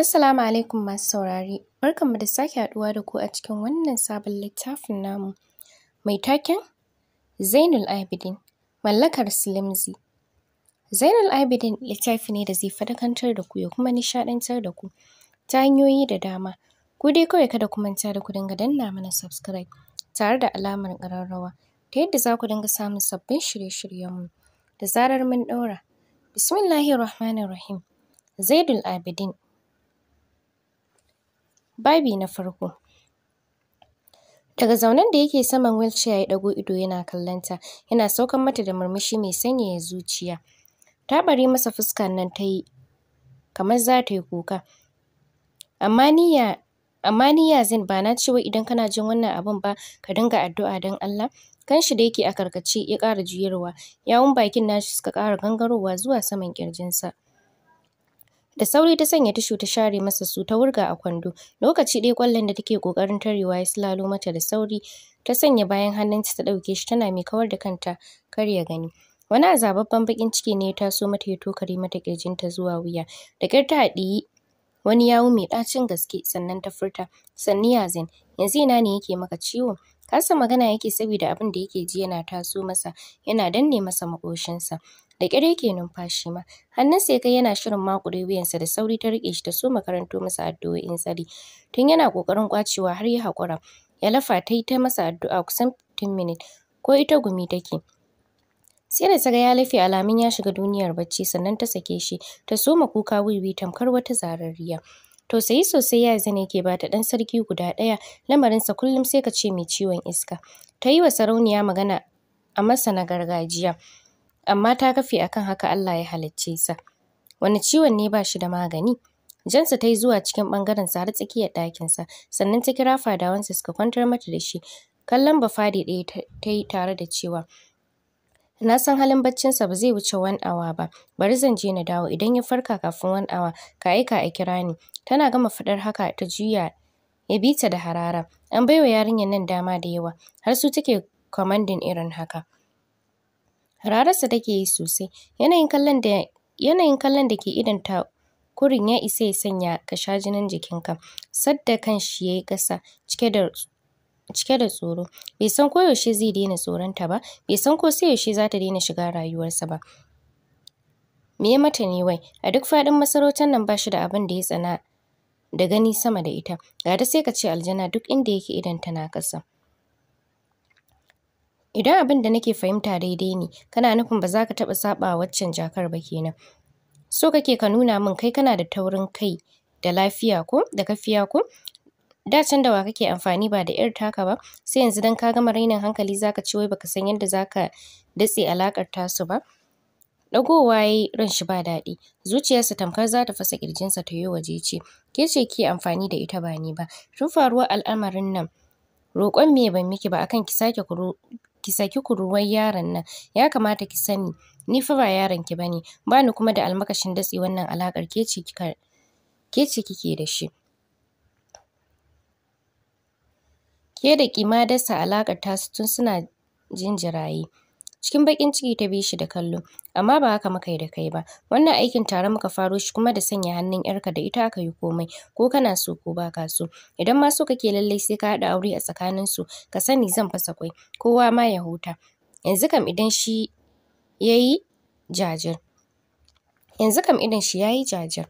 Assalamu alaikum masu saurare, mu da sake haɗuwa da ku a cikin wannan sabon littafin namu. Mai taken Zainul Abidin, mallakar Silimzi. Zainul Abidin littafi ne da zai fadakantar da ku ya kuma nishaɗantar da ku ta hanyoyi da dama. Ku dai kawai kada ku manta da ku dinga danna mana subscribe tare da alamar ƙararrawa ta yadda za ku dinga samun sabbin shirye-shiryenmu da zarar mun ɗaura. Bismillahir Rahmanir Zainul Abidin Babi na farko. Daga zaunen da yake saman wheelchair ya ɗago ido yana kallonta, yana saukan mata da murmushi mai sanyaya zuciya. Ta ɓari masa fuska nan ta yi, kamar za ta yi kuka. Amma niyya amma zin ba na cewa idan kana jin wannan abun ba ka dinga addu'a don Allah kanshi da yake a karkace ya ƙara juyarwa yawun bakin nashi suka ƙara gangarowa zuwa saman ƙirjinsa Da sauri ta sanya tishu ta share masa su ta wurga a kwando. Lokaci ɗaya ƙwallon da take ƙoƙarin tarewa ya silalo mata da sauri. Ta sanya bayan hannunta ta ɗauke shi tana mai kawar da kanta kar ya gani. Wani azababban baƙin ciki ne ya taso mata ya tokare mata ƙirjinta zuwa wuya. Da ƙyar ta haɗiyi wani yawu mai ɗacin gaske sannan ta furta. Sanni Yazin, yanzu ina ne yake maka ciwo? Kasa magana yake saboda abin da yake ji yana taso masa yana danne masa maƙoshinsa. Da ƙyar yake numfashi ma. Hannun ya kai yana shirin makure wuyansa da sauri ta riƙe shi ta so makarantu masa addu'o'in tsari. Tun yana ƙoƙarin ƙwacewa har ya haƙura. Ya lafa ta yi ta masa addu'a kusan 15 minutes. Ko ita gumi take. Sai da saga ya lafe alamun ya shiga duniyar bacci sannan ta sake shi ta soma kuka wiwi tamkar wata zararriya. Tausayi sosai ya zane ke bata ɗan sarki guda ɗaya lamarinsa kullum sai ka ce mai ciwon iska. Ta yi wa sarauniya magana a masa na gargajiya. amma ta kafe akan haka Allah ya halicce sa wani ciwon ne ba shi da magani Jansa ta yi zuwa cikin ɓangaren sa har tsakiyar sa sannan ta kira sa suka kwantar mata da shi. Kallon Bafade ɗaya ta yi tare da cewa, Na san halin baccinsa ba zai wuce one hour ba, bari zan je na dawo idan ya farka kafin one hour, ka aika a kira ni. Tana gama faɗar haka ta juya ya bi ta da harara. An baiwa yarinyar nan dama da yawa, har su take commanding irin haka. Hararsa take yi sosai. Yanayin kallon da ke kallon ta ke kurin ya isa ya sanya ka sha jinin jikinka. Sadda kan shi ya yi ƙasa cike da tsoro. Bai san ko yaushe zai daina tsoronta ba, bai san ko sai yaushe za ta daina shiga rayuwarsa ba. Me ya mata ne wai? A duk faɗin masarautar nan ba shi da abin da ya tsana da gani sama da ita. Ga sai ka ce aljana duk inda yake idon na kasa. Idan abin da nake fahimta daidai ne, kana nufin ba za ka taɓa saɓa waccan jakar ba kenan. So kake ka nuna min kai kana da taurin kai da lafiya ko da kafiya ko? Da can da wa kake amfani ba da ‘yar taka ba, sai yanzu don ka gama rainin hankali za ka ce wai baka san yadda za ka datse alaƙar tasu ba. Ɗagowa ya yi ran shi ba daɗi, zuciyarsa tamkar za ta fasa ƙirjinsa ta yi waje ce, ke ce ke amfani da ita ba ni ba, tun faruwar al'amarin nan roƙon me ban miki ba akan ki sake ki saki kurwar yaron nan ya kamata ki sani ni fa ba yaron ki bane bani kuma da almakashin datse wannan alakar ke ce kika ke ce kike da shi ke da kima dasa alakar tasu tun suna jinjiraye cikin baƙin ciki ta bi shi da kallo amma ba haka muka yi da kai ba wannan aikin tare muka faro shi kuma da sanya hannun yarka da ita aka yi komai ko kana so ko ba ka so idan ma so kake lallai sai ka haɗa aure a tsakanin su ka sani zan fasa kwai kowa ma ya huta yanzu kam idan shi yayi jajir yanzu kam idan shi yayi jajir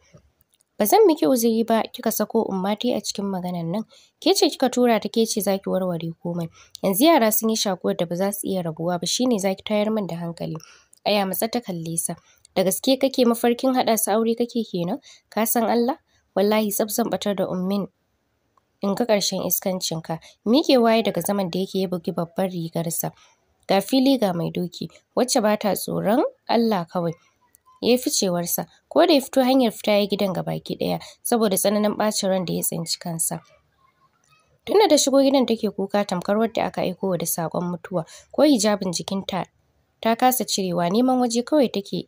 ba zan miki uzuri ba kika sako ummati a cikin maganan nan ke ce kika tura ta ke ce zaki warware komai yanzu yara sun yi shakuwar da ba za su iya rabuwa ba shine zaki tayar min da hankali aya matsa ta kalle sa da gaske kake mafarkin haɗa su aure kake kenan ka san Allah wallahi tsabzan batar da ummin in ga ƙarshen iskancinka mike waye daga zaman da yake ya bugi babbar rigarsa ga fili ga mai doki wacce ba ta tsoron Allah kawai ya yi ficewarsa ko da ya fito hanyar fita ya gidan ga baki ɗaya saboda tsananin ɓacin ran da ya tsinci kansa tunda ta shigo gidan take kuka tamkar wadda aka aiko da sakon mutuwa ko hijabin jikinta ta kasa cirewa neman waje kawai take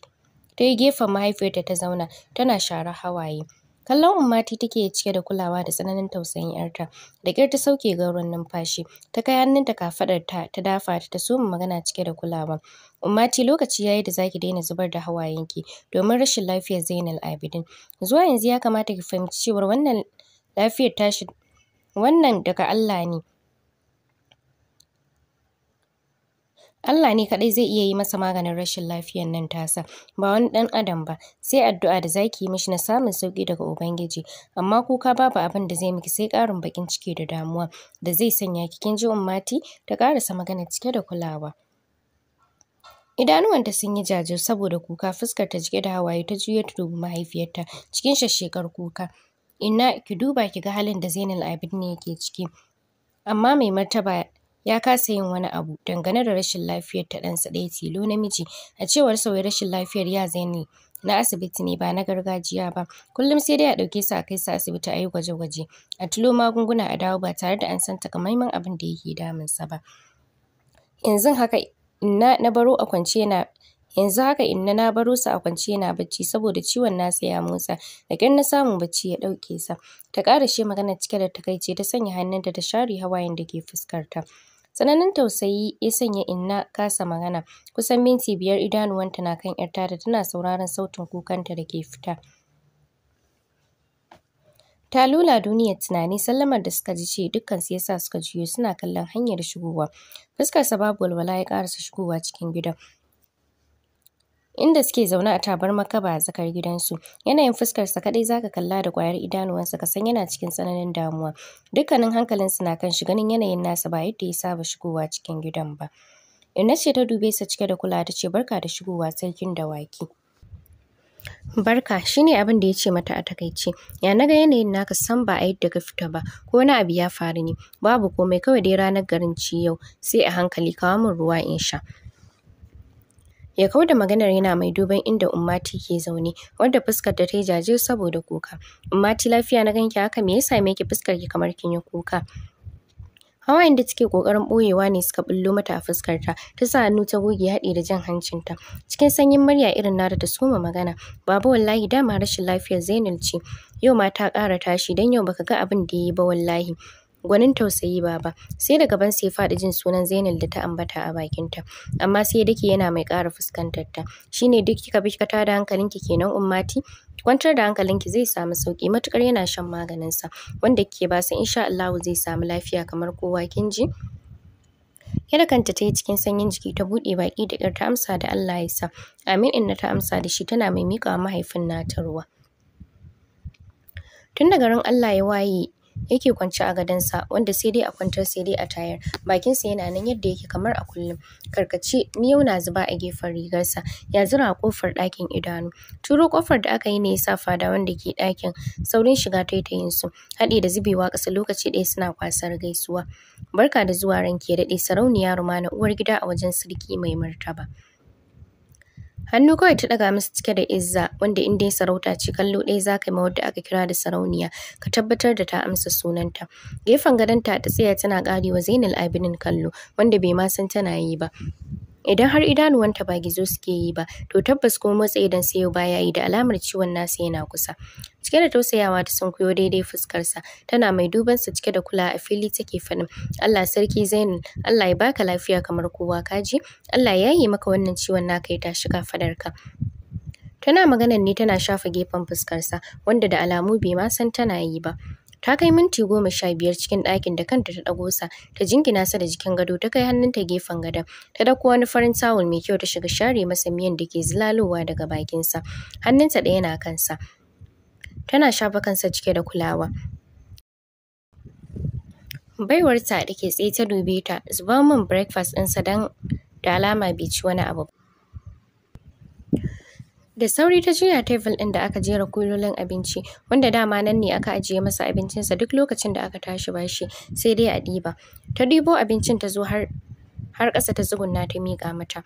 ta yi gefen mahaifiyarta ta zauna tana shara hawaye Kallon ta take cike da kulawa da tsananin tausayin ‘yarta, da ƙyar ta sauke wurin numfashi, ta kai hannunta kafaɗarta ta ta dafa ta ta soma magana cike da kulawa. Ummati lokaci yayi da zaki daina zubar da hawayenki domin rashin lafiyar Zainal Abidin. Zuwa yanzu ya kamata ki fahimci cewar wannan lafiyar tashi wannan daga Allah ne Allah ne kaɗai zai iya yi masa maganin rashin lafiyan nan tasa ba wani ɗan adam ba sai addu'a da zaki yi mishi na samun sauƙi daga ubangiji amma kuka babu abin da zai miki sai ƙarin bakin ciki da damuwa da zai sanya ki kin ji ummati ta ƙarasa magana cike da kulawa idanuwanta sun yi jajir saboda kuka fuskar ta jike da hawaye ta juya ta dubi mahaifiyarta cikin shasshekar kuka ina ki duba ki ga halin da Zainal Abidin ne yake ciki amma mai martaba ya kasa yin wani abu dangane da rashin lafiyar ta ɗansa ɗaya tilo namiji. A cewar sauya rashin lafiyar ya zaini na asibiti ne ba na gargajiya ba. Kullum sai dai a ɗauke su a kai su asibiti a yi gwaje-gwaje, a tulo magunguna a dawo ba tare da an san takamaiman abin da yake damunsa ba. Yanzun haka inna na baro a kwance yana yanzu haka inna na baro su a kwance yana bacci saboda ciwon nasa ya motsa da ƙyar na samu bacci ya ɗauke sa ta karashe magana cike da takaice ta sanya hannunta ta share hawayen da ke fuskarta tsananin tausayi ya sanya inna kasa magana kusan minti biyar idanuwanta na kan 'yarta da tana sauraron sautin kukanta da ke fita ta lula duniyar tunani sallamar da suka ji ce dukkan su yasa suka juyo suna kallon hanyar shigowa fuskarsa babu walwala ya karasa shigowa cikin gidan inda suke zaune a tabarmar kaba a tsakar gidansu yanayin fuskarsa kadai zaka kalla da kwayar idanuwansa ka san yana cikin tsananin damuwa dukkanin hankalin na kan shi ganin yanayin nasa ba yadda ya saba shigowa cikin gidan ba Inna ce ta dube sa cike da kula ta ce barka da shigowa sarkin dawaki. Barka shine abin da ya ce mata a takaice. Ya naga yanayin naka san ba a yadda ka fita ba ko na abu ya faru ne. Babu komai kawai dai ranar garin ci yau sai a hankali kawo mun ruwa in sha. ya kau da maganar yana mai duban inda ummati ke zaune wadda fuskar ta yi saboda kuka ummati lafiya na ganki haka me ya same ki fuskar ki kamar kin yi kuka hawayen da take kokarin boyewa ne suka bullo mata a fuskar ta ta sa hannu ta goge haɗi da jan hancin ta cikin sanyin murya irin nata ta soma magana baba wallahi dama rashin lafiyar Zainul ce yau ma ta ƙara tashi dan yau baka ga abin da ya yi ba wallahi gwanin tausayi baba sai da gaban sai faɗi jin sunan Zainab da ta ambata a bakinta amma sai dake yana mai ƙara fuskantar ta ne duk kika bi kika tada hankalinki kenan ummati kwantar da hankalinki zai samu sauki matukar yana shan maganin sa wanda kike ba sa insha Allah zai samu lafiya kamar kowa kin ji Yadda kanta ta yi cikin sanyin jiki ta buɗe baki da ƙyar ta amsa da Allah ya sa. Amin inna ta amsa da shi tana mai miƙa mahaifin nata ruwa. Tun da garin Allah ya waye yake kwance a gadonsa wanda sai dai a kwantar sai dai a tayar bakinsa yana nan yadda yake kamar a kullum karkace miyau na zuba a gefen rigarsa ya zura a kofar ɗakin idanu turo kofar da aka yi ne sa fada wanda ke ɗakin saurin shiga taitayin su haɗe da zubewa ƙasa lokaci ɗaya suna kwasar gaisuwa barka da zuwa ranki ya daɗe sarauniya rumana uwar gida a wajen sarki mai martaba Hannu kawai ta ɗaga masa cike da izza wanda in dai sarauta ce kallo ɗaya za ka ma wadda aka kira da sarauniya ka tabbatar da ta amsa sunanta. Gefen gadonta ta tsaya tana ƙarewa Zainal abinin kallo wanda bai ma san tana yi ba. Idan har idanuwanta ba gizo suke yi ba, to tabbas ko motsa idan sai baya yi da alamar ciwon nasa yana kusa. Cike da tausayawa ta sunkuyo daidai fuskarsa, tana mai duban sa cike da kula a fili take faɗin, Allah sarki Zainul, Allah ya baka lafiya kamar kowa kaji, Allah ya yi maka wannan ciwon naka ya tashi ka Tana maganan ne tana shafa gefen fuskarsa, wanda da alamu bai ma san tana yi ba. Ta kai minti goma sha biyar cikin ɗakin da kanta ta ɗago sa, ta jingina sa da jikin gado, ta kai hannunta gefen gadon. Ta ɗauko wani farin tawul mai kyau ta shiga share masa miyan da ke zilalowa daga bakinsa. Hannunta ɗaya na kansa. Tana shafa kansa cike da kulawa. Baiwarta da ke tsaye ta dube ta, zuba min breakfast ɗinsa don da alama bai ci wani abu ba. Da sauri ta juya tebul ɗin da aka jera kulolin abinci, wanda dama nan ne aka ajiye masa abincinsa duk lokacin da aka tashi bashi, sai dai a ɗiba. Ta ɗibo abincin ta zo har ƙasa ta tsugunna ta miƙa mata.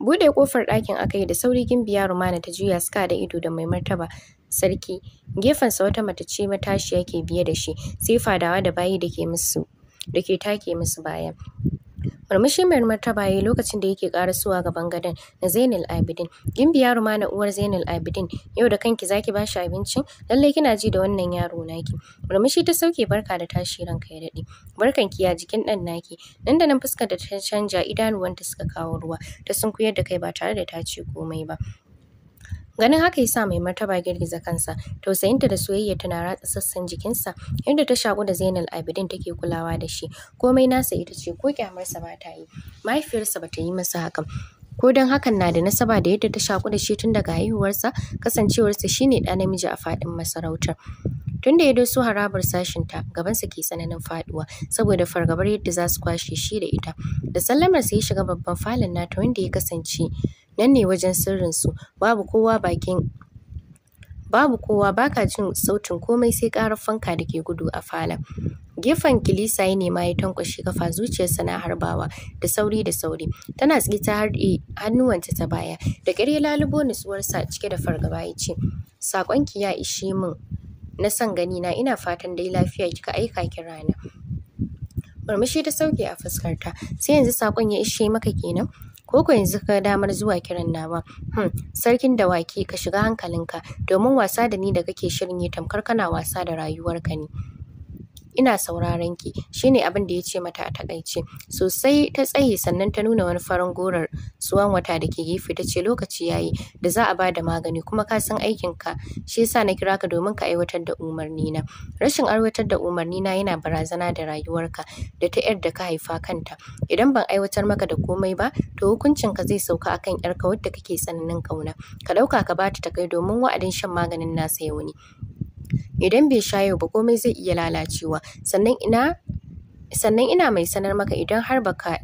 Buɗe ƙofar ɗakin aka yi da sauri gimbiya Rumana ta juya suka da ido da mai martaba sarki. Gefensa wata mace ce matashiya ke biye da shi, sai fadawa da bayi da ke musu da ke take musu baya. Murmushi mai martaba lokacin da yake suwa ga bangaren na Zainal Abidin. ma na uwar Zainal Abidin, yau da kanki zaki ba shi abincin? Lallai kina ji da wannan yaro naki. Murmushi ta sauke barka da tashi ranka ya daɗe. ki ya jikin ɗan naki. Nan da nan fuskar da ta canja idanuwanta suka kawo ruwa. Ta sunkuyar da kai ba tare da ta ce komai ba. Ganin haka ya sa mai martaba girgiza kansa, tausayinta da soyayya tana ratsa sassan jikinsa, inda ta shaku da Zainal Abidin take kulawa da shi, komai nasa ita ce ko kyamarsa ba ta yi, mahaifiyarsa ba ta yi masa hakan, ko don hakan na da nasaba da yadda ta shaku da shi tun daga haihuwarsa kasancewarsa shine ɗa namiji a faɗin masarautar tun da ya doso harabar sashinta gabansa ke tsananin faɗuwa, saboda fargabar yadda za su kwashe shi da ita da sallamar sai ya shiga babban falon nata wanda ya kasance nan ne wajen sirrinsu babu kowa bakin babu kowa baka jin sautin komai sai karar fanka da ke gudu a falon gefen kilisa ya nema ya tankwashe kafa zuciyarsa na harbawa da sauri da sauri tana tsiki ta harɗe hannuwanta ta baya da ƙarya lalubo nutsuwarsa cike da fargaba ya ce saƙonki ya ishe min na san gani na ina fatan dai lafiya kika aika ki rana murmushi ta sauke a fuskarta sai yanzu saƙon ya ishe maka kenan ko yanzu ka damar zuwa kiran nawa hmm sarkin dawaki ka shiga hankalinka domin wasa da ni da kake shirin yi tamkar kana wasa da rayuwarka ne ina sauraron ki shine abin da ya ce mata a takaice sosai ta tsaye sannan ta nuna wani farin gorar suwan wata da ke gefe ta ce lokaci yayi da za a ba da magani kuma ka san aikin ka shi yasa na kira ka domin ka aiwatar da umarni na rashin aiwatar da umarni na yana barazana da rayuwarka da ta yar da ka haifa kanta idan ban aiwatar maka da komai ba to hukuncin ka zai sauka akan yarka wadda kake tsananin kauna ka dauka ka bata ta kai domin wa'adin shan maganin nasa yau ne idan bai sha yau ba komai zai iya lalacewa sannan ina sannan ina mai sanar maka idan har baka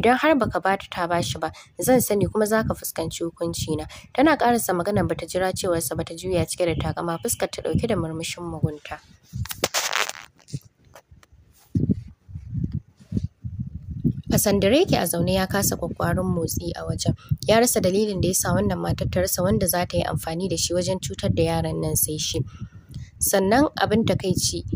idan har baka bata ta bashi ba zan sani kuma zaka fuskanci hukunci na tana karasa magana bata jira sa bata juya cike da takama fuskar ta dauke da murmushin mugunta A sandare yake a zaune ya kasa kwakwarin motsi a wajen. Ya rasa dalilin da ya sa wannan matar ta rasa wanda za ta yi amfani da shi wajen cutar da yaran nan sai shi. sannan abin takaici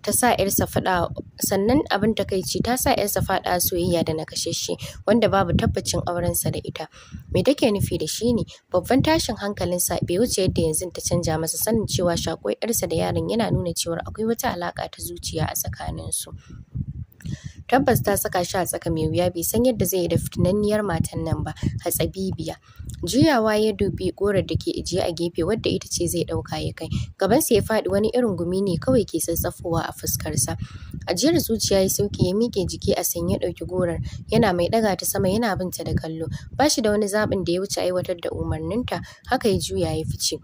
ta sa ‘yarsa faɗa sannan abin takaici ta sa ‘yarsa faɗa soyayya da nakashashshe wanda babu tabbacin aurensa da ita me take nufi da shi ne babban tashin hankalinsa bai wuce yadda yanzu ta canja masa sanin cewa shaƙuwar ‘yarsa da yaron yana nuna cewa akwai wata alaƙa ta zuciya a tsakaninsu Tabbas ta saka shi a tsaka mai wuya bai san yadda zai yi da fitinanniyar matan nan ba, hatsabibiya. Juyawa ya dubi gorar da ke ijiye a gefe wadda ita ce zai ɗauka ya kai. Gabansa ya faɗi wani irin gumi ne kawai ke sassafowa a fuskarsa. Ajiyar zuciya ya sauke ya miƙe jiki a sanye ɗauki gorar yana mai ɗaga ta sama yana binta da kallo. Ba shi da wani zaɓin da ya wuce aiwatar da umarninta haka ya juya ya fice.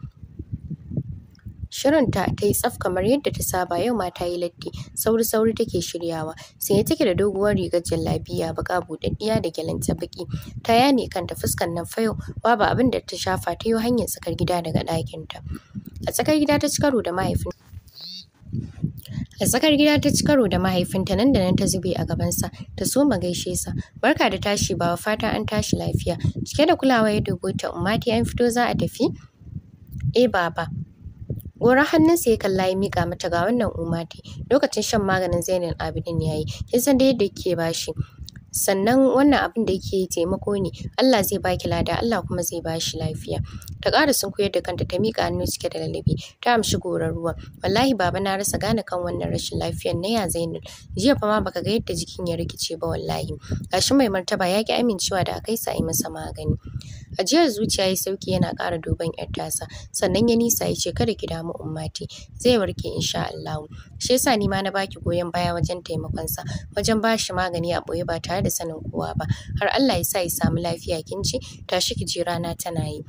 Shirinta ta yi tsaf kamar yadda ta saba yau ma ta yi latti, sauri-sauri take shiryawa. Sanye take da doguwar rigar jallabiya baka buɗaɗɗiya da gyalenta baki. Ta yane kanta fuskan nan fayo, babu abin da ta shafa ta yi hanyar tsakar gida daga ɗakinta. A tsakar gida ta ci karo da mahaifin A gida ta ci karo da mahaifinta nan da nan ta zube a gabansa, ta soma gaishe sa. Barka da tashi bawa fata an tashi lafiya. Cike da kulawa ya dubo ta, umma ta an fito za a tafi? Eh baba, Goran hannunsa ya kalla ya miƙa mata ga wannan umati. Lokacin shan maganin Zainal Abidin ya yi, kin san da yadda ba shi. Sannan wannan abin da yake taimako ne, Allah zai baki lada, Allah kuma zai ba shi lafiya. Ta ƙara koyar da kanta ta miƙa hannu cike da lalabi, ta amshi goran ruwa. Wallahi baba na rasa gane kan wannan rashin lafiyar na ya Zainal. Jiya fa ma baka ga yadda jikin ya rikice ba wallahi. Gashi mai martaba ya ki amincewa da a kai sa yi masa magani. ajiyar zuciya ya sauki yana ƙara duban yar sannan ya nisa ya ce kada ki damu ummati zai warke insha Allah shi yasa ni ma na baki goyon baya wajen taimakon sa wajen ba shi magani a boye ba tare da sanin kowa ba har Allah ya sa ya samu lafiya kin ci tashi ki ji rana tana yi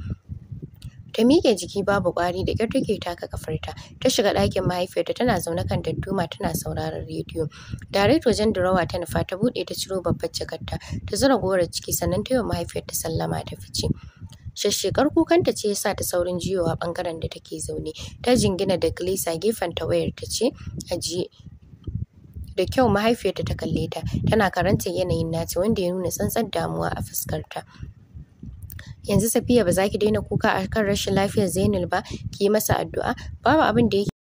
ta miƙe jiki babu ƙwari da ƙyar take taka kafarta ta shiga ɗakin mahaifiyarta tana zaune kan dadduma tana sauraron rediyo direct wajen durawa ta nufa ta buɗe ta ciro babbar jakarta ta zura gorar ciki sannan ta yi wa mahaifiyarta sallama ta fice shashshekar kukanta ce ya sa ta saurin jiyowa ɓangaren da take zaune ta jingina da glisa gefen ta wayar ta ce ajiye da kyau mahaifiyarta ta kalle ta tana karanta yanayin nata wanda ya nuna tsantsar damuwa a fuskarta yanzu Safiya ba za ki daina kuka a kan rashin lafiyar Zainul ba, ki yi masa addu'a, babu abin da yake